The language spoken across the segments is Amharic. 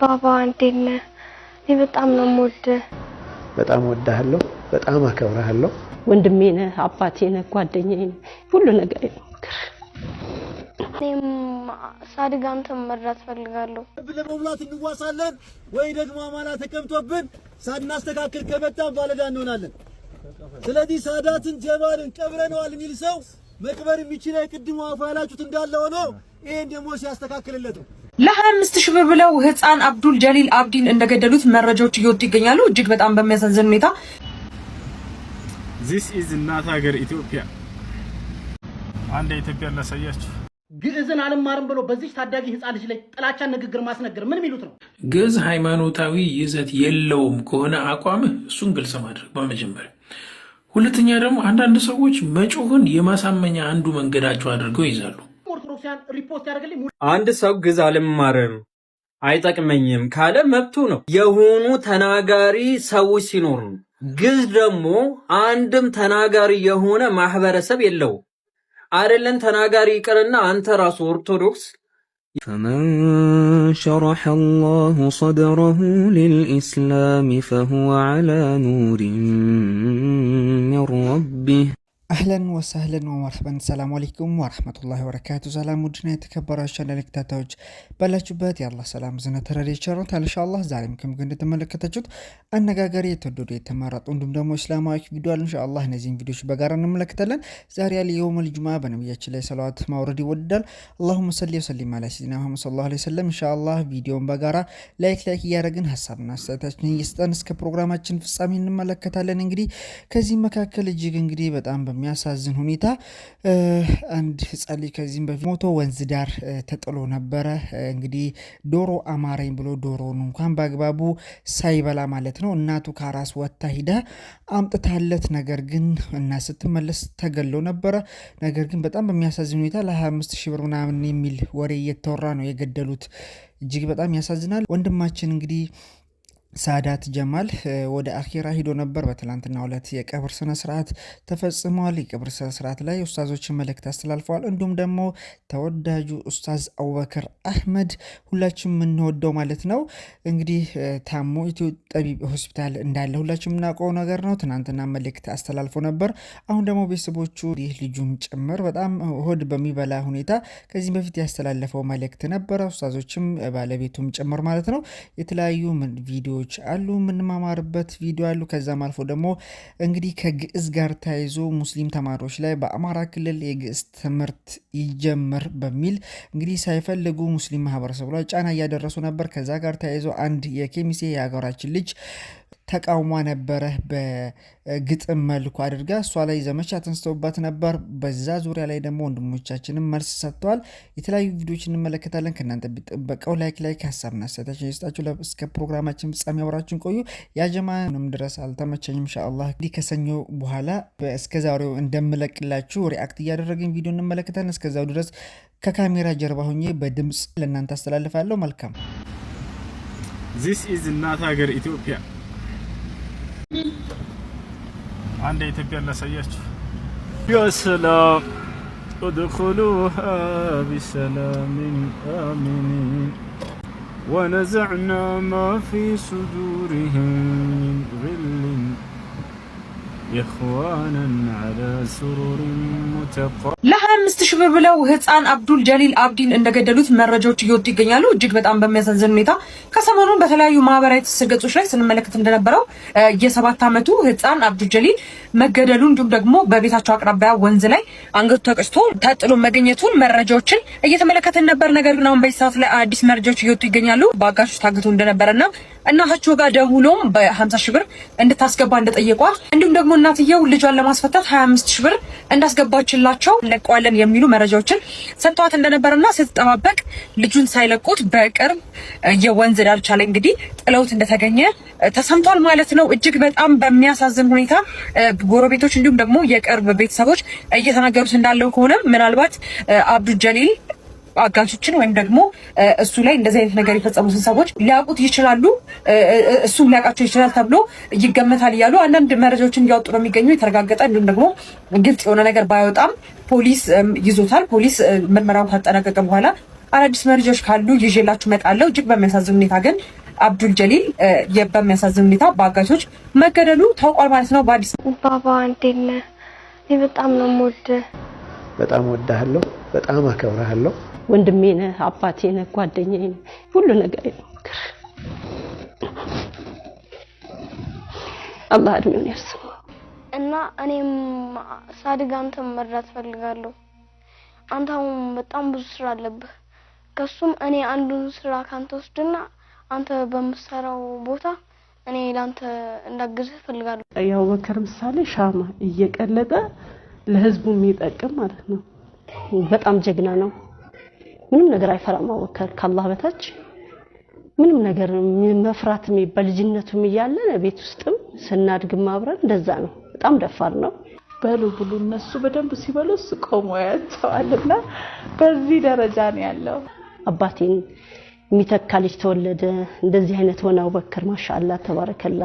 ባባ እንዴት ነህ? እኔ በጣም ነው የምወደህ። በጣም ወድሃለሁ፣ በጣም አከብርሃለሁ። ወንድሜ ነህ፣ አባቴ ነህ፣ ጓደኛዬ ነህ፣ ሁሉ ነገር ነው። እኔም ሳድግ አንተም መርዳት ፈልጋለሁ። ለመብላት እንዋሳለን ወይ ደግሞ አማና ተቀምጦብን ሳናስተካክል ከመጣን ባለዳ እንሆናለን። ስለዚህ ሳዳትን ጀማልን ቀብረነዋል የሚል ሰው መቅበር የሚችል ቅድሞ አፋላችሁት እንዳለ ሆኖ ይሄን ደግሞ ሲያስተካክልለት ነው። ለ25 ሺህ ብር ብለው ህፃን አብዱል ጀሊል አብዲን እንደገደሉት መረጃዎች እየወጡ ይገኛሉ። እጅግ በጣም በሚያሳዝን ሁኔታ ዚስ ኢዝ እናት ሀገር ኢትዮጵያ። አንድ ኢትዮጵያ ላሳያችሁ። ግዕዝን አልማርም ብሎ በዚች ታዳጊ ህፃን ልጅ ላይ ጥላቻ ንግግር ማስነገር ምን የሚሉት ነው? ግዕዝ ሃይማኖታዊ ይዘት የለውም ከሆነ አቋምህ እሱን ግልጽ ማድረግ በመጀመሪያ ሁለተኛ ደግሞ አንዳንድ ሰዎች መጮህን የማሳመኛ አንዱ መንገዳቸው አድርገው ይዛሉ። አንድ ሰው ግዝ አልማርም አይጠቅመኝም ካለ መብቱ ነው። የሆኑ ተናጋሪ ሰዎች ሲኖሩ ነው። ግዝ ደግሞ አንድም ተናጋሪ የሆነ ማህበረሰብ የለው። አይደለም ተናጋሪ ይቅርና አንተ ራሱ ኦርቶዶክስ فمن شرح الله صدره للإسلام فهو على نور من ربه አህለን ወሳህለን ወመርሐበን ሰላሙ አለይኩም ወረህመቱላሂ ወበረካቱ። ሰላም ውድና የተከበራችሁ ተከታታዮች ባላችሁበት የአላህ ሰላም እዝነት ተረድኤት ቸርነት ኢንሻአላህ ዛሬም ከምግብ እንደተመለከታችሁት አነጋጋሪ የተወደዱ የተመረጡ እንዲሁም ደግሞ እስላማዊ ቪዲዮ አሉ። እነዚህን ቪዲዮዎች በጋራ እንመለከታለን። ዛሬ ያለ የውመል ጁምዓ በነቢያችን ላይ ሰለዋት ማውረድ ይወዳል። አላሁመ ሰሊ ወሰሊም አላ ሰይዲና ሙሐመድ ሰለላሁ ዐለይሂ ወሰለም። ኢንሻአላህ ቪዲዮውን በጋራ ላይክ ላይክ እያደረግን ሀሳብና አስተያየታችንን እየሰጠን እስከ ፕሮግራማችን ፍጻሜ እንመለከታለን። እንግዲህ ከዚህ መካከል እጅግ እንግዲህ በጣም በሚያሳዝን ሁኔታ አንድ ህጻን ልጅ ከዚህም በፊት ሞቶ ወንዝ ዳር ተጥሎ ነበረ። እንግዲህ ዶሮ አማረኝ ብሎ ዶሮን እንኳን በአግባቡ ሳይበላ ማለት ነው እናቱ ከአራስ ወታ ሂዳ አምጥታለት፣ ነገር ግን እና ስትመለስ ተገሎ ነበረ። ነገር ግን በጣም በሚያሳዝን ሁኔታ ለ25 ሺህ ብር ምናምን የሚል ወሬ እየተወራ ነው የገደሉት። እጅግ በጣም ያሳዝናል። ወንድማችን እንግዲህ ሳዳት ጀማል ወደ አኪራ ሂዶ ነበር። በትላንትና ዕለት የቀብር ስነ ስርዓት ተፈጽሟል። የቀብር ስነ ስርዓት ላይ ኡስታዞችን መልእክት አስተላልፈዋል። እንዲሁም ደግሞ ተወዳጁ ኡስታዝ አቡበክር አህመድ ሁላችን የምንወደው ማለት ነው እንግዲህ ታሞ ኢትዮ ጠቢብ ሆስፒታል እንዳለ ሁላችን የምናውቀው ነገር ነው። ትናንትና መልእክት አስተላልፎ ነበር። አሁን ደግሞ ቤተሰቦቹ ይህ ልጁም ጭምር በጣም ሆድ በሚበላ ሁኔታ ከዚህም በፊት ያስተላለፈው መልእክት ነበረ። ኡስታዞችም ባለቤቱም ጭምር ማለት ነው የተለያዩ ቪዲዮ ቪዲዮዎች አሉ፣ የምንማማርበት ቪዲዮ አሉ። ከዛም አልፎ ደግሞ እንግዲህ ከግዕዝ ጋር ተያይዞ ሙስሊም ተማሪዎች ላይ በአማራ ክልል የግዕዝ ትምህርት ይጀምር በሚል እንግዲህ ሳይፈልጉ ሙስሊም ማህበረሰቡ ላይ ጫና እያደረሱ ነበር። ከዛ ጋር ተያይዞ አንድ የኬሚሴ የሀገራችን ልጅ ተቃውሟ ነበረ። በግጥም መልኩ አድርጋ እሷ ላይ ዘመቻ ተንስተውባት ነበር። በዛ ዙሪያ ላይ ደግሞ ወንድሞቻችንም መልስ ሰጥተዋል። የተለያዩ ቪዲዮዎች እንመለከታለን። ከእናንተ ቢጠበቀው ላይክ ላይክ ሀሳብ ናሰታችን የስጣችሁ እስከ ፕሮግራማችን ፍጻሜ አብራችን ቆዩ። ያጀማንም ድረስ አልተመቸኝም። ኢንሻአላህ እንግዲህ ከሰኞ በኋላ እስከ ዛሬው እንደምለቅላችሁ ሪአክት እያደረግን ቪዲዮ እንመለከታለን። እስከዛው ድረስ ከካሜራ ጀርባ ሆኜ በድምፅ ለእናንተ አስተላልፋለሁ። መልካም ዚስ ኢዝ እናት ሀገር ኢትዮጵያ አንድ የኢትዮጵያ يا سلام ادخلوها بسلام آمنين ونزعنا ما في صدورهم من غل ለ ሽ ሺህ ብር ብለው ህፃን አብዱል ጀሊል አብዲን እንደገደሉት መረጃዎች እየወጡ ይገኛሉ። እጅግ በጣም በሚያሳዝን ሁኔታ ከሰሞኑን በተለያዩ ማህበራዊ ትስስር ገጾች ላይ ስንመለከት እንደነበረው የሰባት ዓመቱ ህፃን አብዱል ጀሊል መገደሉ እንዲሁም ደግሞ በቤታቸው አቅራቢያ ወንዝ ላይ አንገቱ ተቀጭቶ ተጥሎ መገኘቱን መረጃዎችን እየተመለከትን ነበር። ነገር ግን አሁን በዚህ ሰዓት ላይ አዲስ መረጃዎች እየወጡ ይገኛሉ። በአጋቾች ታግቶ እንደነበረና እናታቸው ጋር ደውሎም በሀምሳ ሺህ ብር እንድታስገባ እንደጠየቋት እንዲሁም ደግሞ እናትየው ልጇን ለማስፈታት ሀያ አምስት ሺህ ብር እንዳስገባችላቸው እንለቀዋለን የሚሉ መረጃዎችን ሰጥተዋት እንደነበረና ስትጠባበቅ ልጁን ሳይለቁት በቅርብ የወንዝ ዳርቻ ላይ እንግዲህ ጥለውት እንደተገኘ ተሰምቷል ማለት ነው። እጅግ በጣም በሚያሳዝን ሁኔታ ጎረቤቶች እንዲሁም ደግሞ የቅርብ ቤተሰቦች እየተናገሩት እንዳለው ከሆነ ምናልባት አብዱ ጀሊል አጋቾችን ወይም ደግሞ እሱ ላይ እንደዚህ አይነት ነገር የፈጸሙትን ሰዎች ሊያውቁት ይችላሉ፣ እሱ ሊያውቃቸው ይችላል ተብሎ ይገመታል እያሉ አንዳንድ መረጃዎችን እያወጡ ነው የሚገኙ። የተረጋገጠ እንዲሁም ደግሞ ግልጽ የሆነ ነገር ባይወጣም ፖሊስ ይዞታል። ፖሊስ ምርመራውን ካጠናቀቀ በኋላ አዳዲስ መረጃዎች ካሉ ይዤላችሁ እመጣለሁ። እጅግ በሚያሳዝን ሁኔታ ግን አብዱል ጀሊል በሚያሳዝን ሁኔታ በአጋቾች መገደሉ ታውቋል ማለት ነው። በአዲስ ባባ በጣም ነው ሞድ በጣም ወድሃለሁ። በጣም አከብረሃለሁ። ወንድሜ ነህ፣ አባቴ ነህ፣ ጓደኛዬ ነህ፣ ሁሉ ነገር ነው። አላህ እድሜውን ያርስም እና እኔም ሳድግ አንተም መርዳት ፈልጋለሁ። አንተ አሁን በጣም ብዙ ስራ አለብህ። ከሱም እኔ አንዱን ስራ ካንተ ወስድና አንተ በምሰራው ቦታ እኔ ላንተ እንዳግዝህ ፈልጋለሁ። የአቡበከር ምሳሌ ሻማ እየቀለጠ ለህዝቡ የሚጠቅም ማለት ነው። በጣም ጀግና ነው። ምንም ነገር አይፈራም። አቡበከር ከአላህ በታች ምንም ነገር መፍራት የሚባል ልጅነቱም እያለን ቤት ውስጥም ስናድግም አብረን እንደዛ ነው። በጣም ደፋር ነው። በሉ ብሉ እነሱ በደንብ ሲበሉ እሱ ቆሞ ያቸዋልና በዚህ ደረጃ ነው ያለው። አባቴን የሚተካ ልጅ ተወለደ። እንደዚህ አይነት ሆነ አቡበከር ማሻአላ ተባረከላ።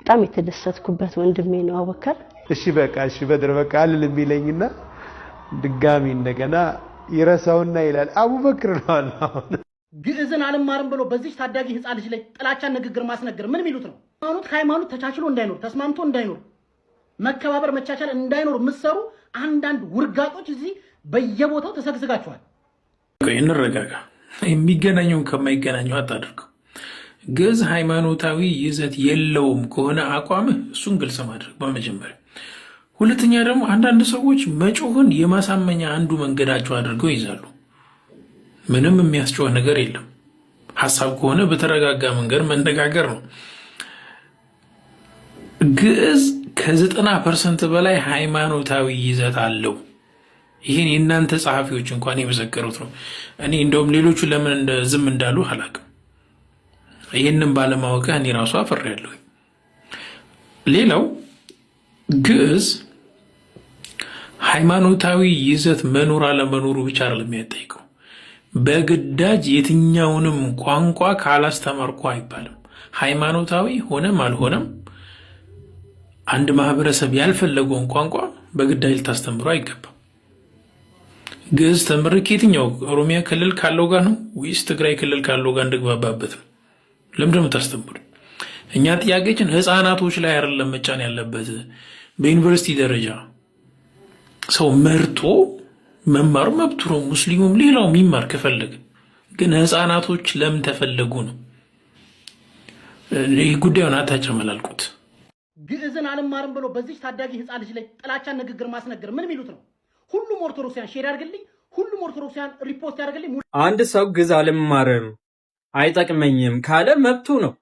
በጣም የተደሰትኩበት ወንድሜ ነው አቡበከር። እሺ በቃ እሺ በድር በቃ አልል የሚለኝና ድጋሚ እንደገና ይረሳውና ይላል። አቡበክር ነው አሁን ግዕዝን አልማርም ብሎ በዚች ታዳጊ ህፃን ልጅ ላይ ጥላቻ ንግግር ማስነገር ምን የሚሉት ነው? ሃይማኖት ከሃይማኖት ተቻችሎ እንዳይኖር ተስማምቶ እንዳይኖር መከባበር መቻቻል እንዳይኖር የምትሰሩ አንዳንድ ውርጋጦች እዚህ በየቦታው ተሰግስጋችኋል። እንረጋጋ። የሚገናኘውን ከማይገናኘው አታድርገው። ግዕዝ ሃይማኖታዊ ይዘት የለውም ከሆነ አቋምህ እሱን ግልጽ ማድረግ በመጀመሪያ ሁለተኛ ደግሞ አንዳንድ ሰዎች መጮህን የማሳመኛ አንዱ መንገዳቸው አድርገው ይዛሉ። ምንም የሚያስጮህ ነገር የለም። ሀሳብ ከሆነ በተረጋጋ መንገድ መነጋገር ነው። ግዕዝ ከዘጠና ፐርሰንት በላይ ሃይማኖታዊ ይዘት አለው። ይህን የእናንተ ጸሐፊዎች እንኳን የመሰከሩት ነው። እኔ እንደውም ሌሎቹ ለምን ዝም እንዳሉ አላቅም? ይህንም ባለማወቅህ እኔ ራሱ አፈሬያለሁ። ሌላው ግዕዝ ሃይማኖታዊ ይዘት መኖር አለመኖሩ ብቻ አይደለም የሚያጠይቀው። በግዳጅ የትኛውንም ቋንቋ ካላስተማርኩ አይባልም። ሃይማኖታዊ ሆነም አልሆነም አንድ ማህበረሰብ ያልፈለገውን ቋንቋ በግዳጅ ልታስተምሮ አይገባም። ግዕዝ ተምርክ የትኛው ኦሮሚያ ክልል ካለው ጋር ነው ወይስ ትግራይ ክልል ካለው ጋር እንድግባባበት ነው? ለምንድን ነው የምታስተምሩ? እኛ ጥያቄችን ህፃናቶች ላይ አይደለም መጫን ያለበት በዩኒቨርሲቲ ደረጃ ሰው መርጦ መማር መብቱ ነው። ሙስሊሙም ሌላው የሚማር ከፈለገ። ግን ህፃናቶች ለምን ተፈለጉ ነው? ይህ ጉዳዩን አታጨመላልቁት። ግዕዝን አልማርም ብሎ በዚች ታዳጊ ህፃን ልጅ ላይ ጥላቻን ንግግር ማስነገር ምን የሚሉት ነው? ሁሉም ኦርቶዶክሲያን ሼር ያርግልኝ፣ ሁሉም ኦርቶዶክሲያን ሪፖርት ያድርግልኝ። አንድ ሰው ግዕዝ አልማርም አይጠቅመኝም ካለ መብቱ ነው።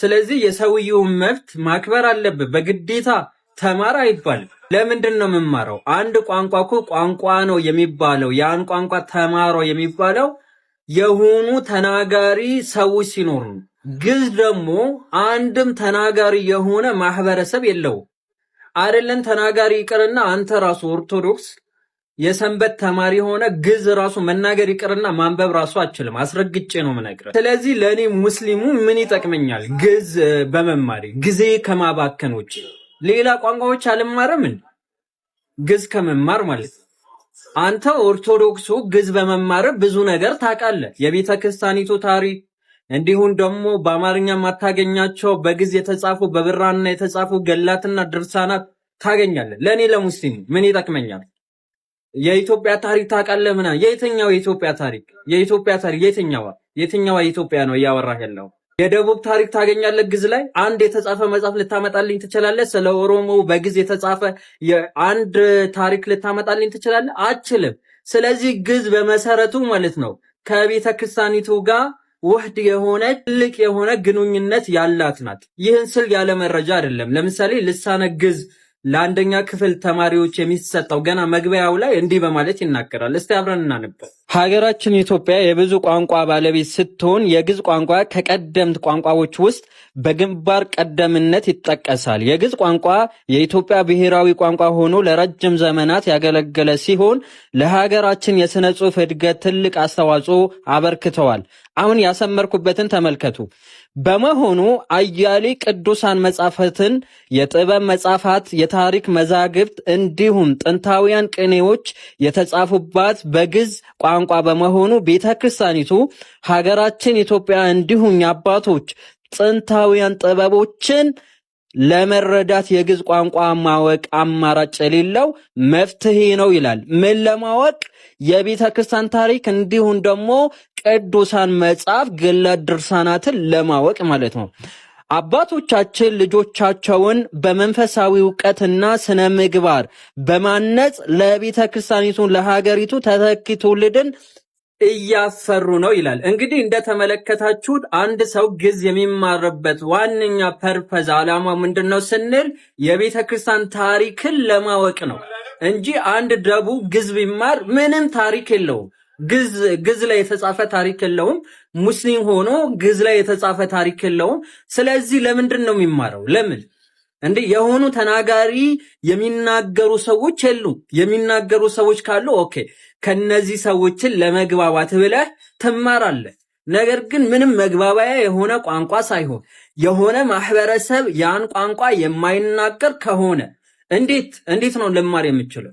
ስለዚህ የሰውየውን መብት ማክበር አለብህ በግዴታ ተማር አይባል። ለምንድን ነው የምማረው? አንድ ቋንቋ እኮ ቋንቋ ነው የሚባለው። ያን ቋንቋ ተማረው የሚባለው የሆኑ ተናጋሪ ሰዎች ሲኖሩ፣ ግዕዝ ደግሞ አንድም ተናጋሪ የሆነ ማህበረሰብ የለው። አይደለም ተናጋሪ ይቅርና አንተ ራሱ ኦርቶዶክስ የሰንበት ተማሪ ሆነ ግዕዝ ራሱ መናገር ይቅርና ማንበብ ራሱ አችልም። አስረግጬ ነው የምነግርህ። ስለዚህ ለእኔ ሙስሊሙ ምን ይጠቅመኛል ግዕዝ በመማሪ ጊዜ ከማባከኖች ሌላ ቋንቋዎች አልማርም እንዴ? ግዝ ከመማር ማለት አንተ ኦርቶዶክሱ ግዝ በመማር ብዙ ነገር ታውቃለህ። የቤተ ክርስቲያኒቱ ታሪክ እንዲሁም ደግሞ በአማርኛ ማታገኛቸው በግዝ የተጻፉ በብራና የተጻፉ ገላትና ድርሳናት ታገኛለህ። ለእኔ ለሙስሊም ምን ይጠቅመኛል? የኢትዮጵያ ታሪክ ታውቃለህ ምና የትኛው የኢትዮጵያ ታሪክ? የኢትዮጵያ ታሪክ የትኛዋ የትኛዋ ኢትዮጵያ ነው እያወራህ ያለው? የደቡብ ታሪክ ታገኛለህ። ግዝ ላይ አንድ የተጻፈ መጽሐፍ ልታመጣልኝ ትችላለህ? ስለ ኦሮሞ በግዝ የተጻፈ አንድ ታሪክ ልታመጣልኝ ትችላለህ? አችልም። ስለዚህ ግዝ በመሰረቱ ማለት ነው ከቤተ ክርስቲያኒቱ ጋር ውህድ የሆነ ትልቅ የሆነ ግንኙነት ያላት ናት። ይህን ስል ያለ መረጃ አይደለም። ለምሳሌ ልሳነ ግዝ ለአንደኛ ክፍል ተማሪዎች የሚሰጠው ገና መግቢያው ላይ እንዲህ በማለት ይናገራል። እስቲ አብረን እናነበር። ሀገራችን ኢትዮጵያ የብዙ ቋንቋ ባለቤት ስትሆን የግዕዝ ቋንቋ ከቀደምት ቋንቋዎች ውስጥ በግንባር ቀደምነት ይጠቀሳል። የግዕዝ ቋንቋ የኢትዮጵያ ብሔራዊ ቋንቋ ሆኖ ለረጅም ዘመናት ያገለገለ ሲሆን ለሀገራችን የሥነ ጽሑፍ እድገት ትልቅ አስተዋጽኦ አበርክተዋል። አሁን ያሰመርኩበትን ተመልከቱ። በመሆኑ አያሌ ቅዱሳን መጻሕፍትን፣ የጥበብ መጻሕፍት፣ የታሪክ መዛግብት እንዲሁም ጥንታውያን ቅኔዎች የተጻፉባት በግዕዝ ቋንቋ በመሆኑ ቤተ ክርስቲያኒቱ ሀገራችን ኢትዮጵያ እንዲሁም የአባቶች ጥንታውያን ጥበቦችን ለመረዳት የግዕዝ ቋንቋ ማወቅ አማራጭ የሌለው መፍትሄ ነው ይላል። ምን ለማወቅ የቤተ ክርስቲያን ታሪክ እንዲሁም ደግሞ ቅዱሳን መጽሐፍ ገድላት፣ ድርሳናትን ለማወቅ ማለት ነው። አባቶቻችን ልጆቻቸውን በመንፈሳዊ እውቀትና ስነ ምግባር በማነጽ ለቤተ ክርስቲያኒቱ ለሀገሪቱ ተተኪ ትውልድን እያሰሩ ነው ይላል። እንግዲህ እንደተመለከታችሁት አንድ ሰው ግዕዝ የሚማርበት ዋነኛ ፐርፐዝ አላማ ምንድን ነው ስንል የቤተ ክርስቲያን ታሪክን ለማወቅ ነው እንጂ አንድ ደቡብ ግዕዝ ቢማር ምንም ታሪክ የለውም። ግዕዝ ላይ የተጻፈ ታሪክ የለውም። ሙስሊም ሆኖ ግዕዝ ላይ የተጻፈ ታሪክ የለውም። ስለዚህ ለምንድን ነው የሚማረው? ለምን እንዴ የሆኑ ተናጋሪ የሚናገሩ ሰዎች የሉ። የሚናገሩ ሰዎች ካሉ ኦኬ፣ ከነዚህ ሰዎችን ለመግባባት ብለህ ትማራለህ። ነገር ግን ምንም መግባባያ የሆነ ቋንቋ ሳይሆን የሆነ ማህበረሰብ ያን ቋንቋ የማይናገር ከሆነ እንዴት እንዴት ነው ልማር የምችለው?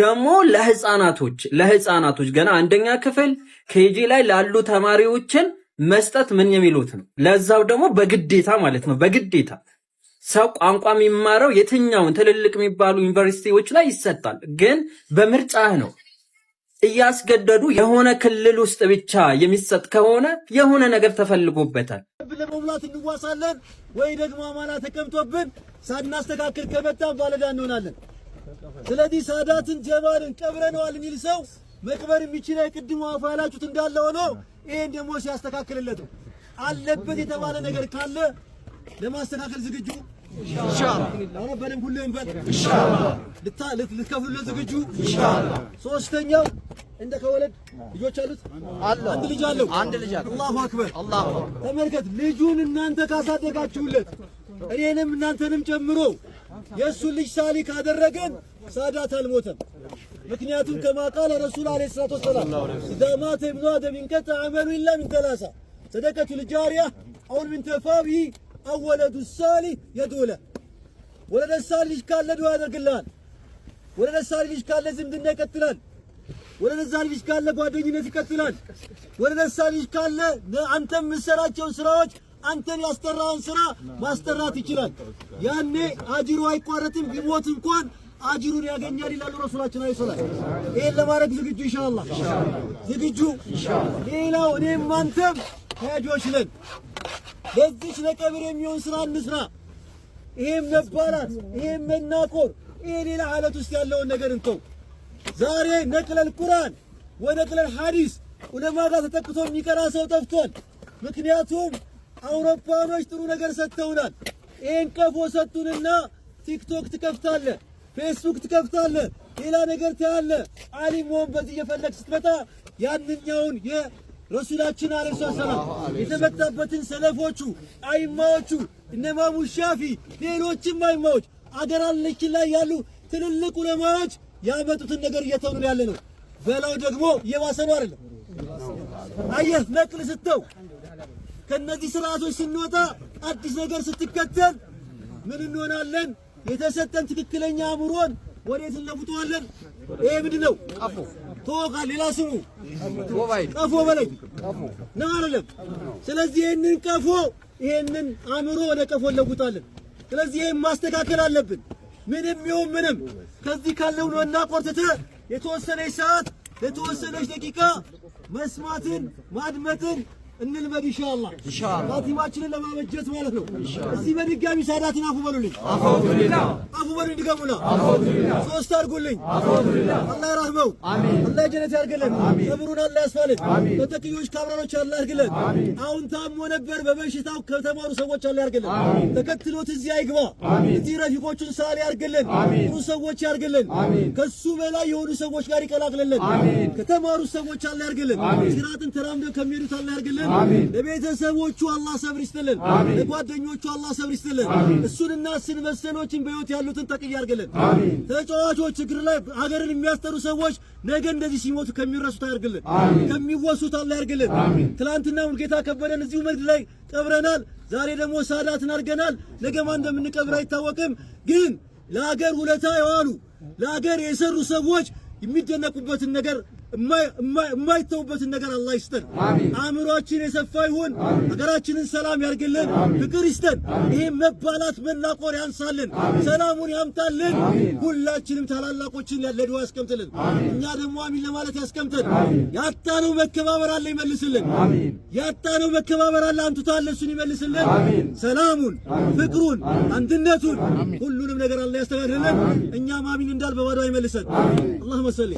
ደግሞ ለህፃናቶች ለህፃናቶች ገና አንደኛ ክፍል ኬጂ ላይ ላሉ ተማሪዎችን መስጠት ምን የሚሉት ነው? ለዛው ደግሞ በግዴታ ማለት ነው በግዴታ ሰው ቋንቋ የሚማረው የትኛውን ትልልቅ የሚባሉ ዩኒቨርሲቲዎች ላይ ይሰጣል፣ ግን በምርጫህ ነው። እያስገደዱ የሆነ ክልል ውስጥ ብቻ የሚሰጥ ከሆነ የሆነ ነገር ተፈልጎበታል። ለመብላት እንዋሳለን ወይ ደግሞ አማራ ተቀምጦብን ሳናስተካክል ከመጣን ባለዳ እንሆናለን። ስለዚህ ሳዳትን ጀባልን ቀብረነዋል የሚል ሰው መቅበር የሚችል የቅድሞ አፋላችሁት እንዳለ ሆኖ ይህን ደግሞ ሲያስተካክልለት አለበት የተባለ ነገር ካለ ለማስተካከል ዝግጁ ኢንሻአላህ አረበለም ሁሌም በል ኢንሻአላህ ልትከፍሉለት ዝግጁ ኢንሻአላህ። ሶስተኛው እንደ ከወለድ ልጆች አሉት አንድ ልጅ አለው አንድ ልጅ አለው። አላሁ አክበር አላሁ አክበር። ተመልከት ልጁን እናንተ ካሳደጋችሁለት እኔንም እናንተንም ጨምሮ የእሱን ልጅ ሳሊ ካደረገን ሳዳት አልሞተም። ምክንያቱም ከማ ቃለ ረሱል አለይሂ ሰላቱ ወሰላም ኢዛ ማተ ኢብኑ አደም ኢንቀጠዐ ዐመሉ ኢላ ሚን ሰላሳ ሰደቀቱ ልጃሪያ አው ሚን ተፋቢሂ አወለዱ ሳሊህ የድዑ ለህ ወለደ ሳሊህ ልጅ ካለ ዱዓ ያደርግልሃል። ወለደ ሳሊህ ልጅ ካለ ዝምድና ይቀጥላል። ወለደ ሳሊህ ልጅ ካለ ጓደኝነት ይቀጥላል። ወለደ ሳሊህ ልጅ ካለ አንተ የምትሰራቸውን ስራዎች አንተን ያስጠራህን ስራ ማስጠራት ይችላል። ያኔ አጅሩ አይቋረጥም። ቢሞት እንኳን አጅሩን ያገኛል ይላሉ ረሱላችን አለይሂ ሰላም። ይሄን ለማድረግ ዝግጁ ኢንሻአላህ፣ ዝግጁ ሌላው እኔም አንተም ሄጆች ነን። ለዚች ለቀብር የሚሆን ስራ እንስራ። ይሄም መባላት፣ ይሄም መናቆር፣ ይሄ ሌላ አለት ውስጥ ያለውን ነገር እንተው። ዛሬ ነቅለል ቁርአን ወደ ሐዲስ ዑለማ ጋር ተጠቅቶ የሚቀራ ሰው ጠፍቷል። ምክንያቱም አውሮፓኖች ጥሩ ነገር ሰጥተውናል። ይሄን ቀፎ ሰጡንና ቲክቶክ ትከፍታለ፣ ፌስቡክ ትከፍታለ፣ ሌላ ነገር ታያለ። አሊም ወንበዝ እየፈለግ ስትመጣ ያንኛውን ረሱላችን አለይሂ ሰላም የተመታበትን ሰለፎቹ አይማዎቹ እነ ኢማሙ ሻፊ ሌሎችም አይማዎች አገር አለችን ላይ ያሉ ትልልቅ ዑለማዎች ያመጡትን ነገር እየተውኑ ያለ ነው። በላው ደግሞ እየባሰ ነው አይደለም። አየህ ነቅል ስተው ከነዚህ ስርዓቶች ስንወጣ አዲስ ነገር ስትከተል ምን እንሆናለን? የተሰጠን ትክክለኛ አእምሮን ወዴት እንለውጠዋለን? ይሄ ምንድን ነው? ተወቃ ሌላ ስሙ ቀፎ በለኝ ነው አይደለም? ስለዚህ ይህንን ቀፎ ይህንን አእምሮ ወደ ቀፎ እንለውጣለን። ስለዚህ ይህን ማስተካከል አለብን። ምንም ይሁን ምንም ከዚህ ካለው ነው እና ቆርጥተ የተወሰነች ሰዓት ለተወሰነች ደቂቃ መስማትን ማድመጥን እንልመድ ኢንሻአላህ ኢንሻአላህ ኻቲማችንን ለማበጀት ማለት ነው። እዚህ በድጋሚ ሳዳትን አፉ በሉልኝ፣ አፉ በሉኝ፣ ድገሙና ሶስት አድርጉልኝ። አላህ ይራህመው፣ አላህ ጀነት ያርግልን፣ ቀብሩን አላህ ያስፋልን፣ በተቅዮች ካብራሮች አላህ ያርግልን። አሁን ታሞ ነበር በበሽታው ከተማሩ ሰዎች አላህ ያርግልን፣ ተከትሎት እዚህ አይግባ። እዚህ ረፊቆቹን ሳል ያርግልን፣ ጥሩ ሰዎች ያርግልን፣ ከሱ በላይ የሆኑ ሰዎች ጋር ይቀላቅልልን። ከተማሩ ሰዎች አላህ ያርግልን፣ ሲራጥን ተራምደው ከሚሄዱት አላህ ያርግልን። ለቤተሰቦቹ አላህ ሰብር ይስጥልን። ለጓደኞቹ አላህ ሰብር ይስጥልን። እሱንና እሱን መሰሎችን ያሉትን ተቅያ ያርግልን። ተጫዋቾች፣ እግር ላይ ሀገርን የሚያስጠሩ ሰዎች ነገ እንደዚህ ሲሞቱ ከሚረሱት አያርግልን፣ ከሚወሱት አላህ ያርግልን። ትናንትና ሙልጌታ ከበደን እዚሁ መግድ ላይ ቀብረናል። ዛሬ ደግሞ ሳዳትን አድርገናል። ነገማ እንደምንቀብር አይታወቅም። ግን ለሀገር ውለታ የዋሉ ለሀገር የሰሩ ሰዎች የሚደነቁበትን ነገር የማይተውበትን ነገር አላህ ይስጠን። አእምሯችን የሰፋ ይሁን። ሀገራችንን ሰላም ያርግልን፣ ፍቅር ይስጠን። ይህ መባላት መናቆር ያንሳልን፣ ሰላሙን ያምጣልን። ሁላችንም ታላላቆችን ለድዋ ያስቀምጥልን፣ እኛ ደግሞ አሚን ለማለት ያስቀምጥን። ያጣነው መከባበር አለ ይመልስልን። ያጣነው መከባበር አለ አንቱታለ እሱን ይመልስልን። ሰላሙን፣ ፍቅሩን፣ አንድነቱን ሁሉንም ነገር አላህ ያስተጋድልን። እኛም አሚን እንዳል በባዶ አይመልሰን። አላሁመ ሰሊ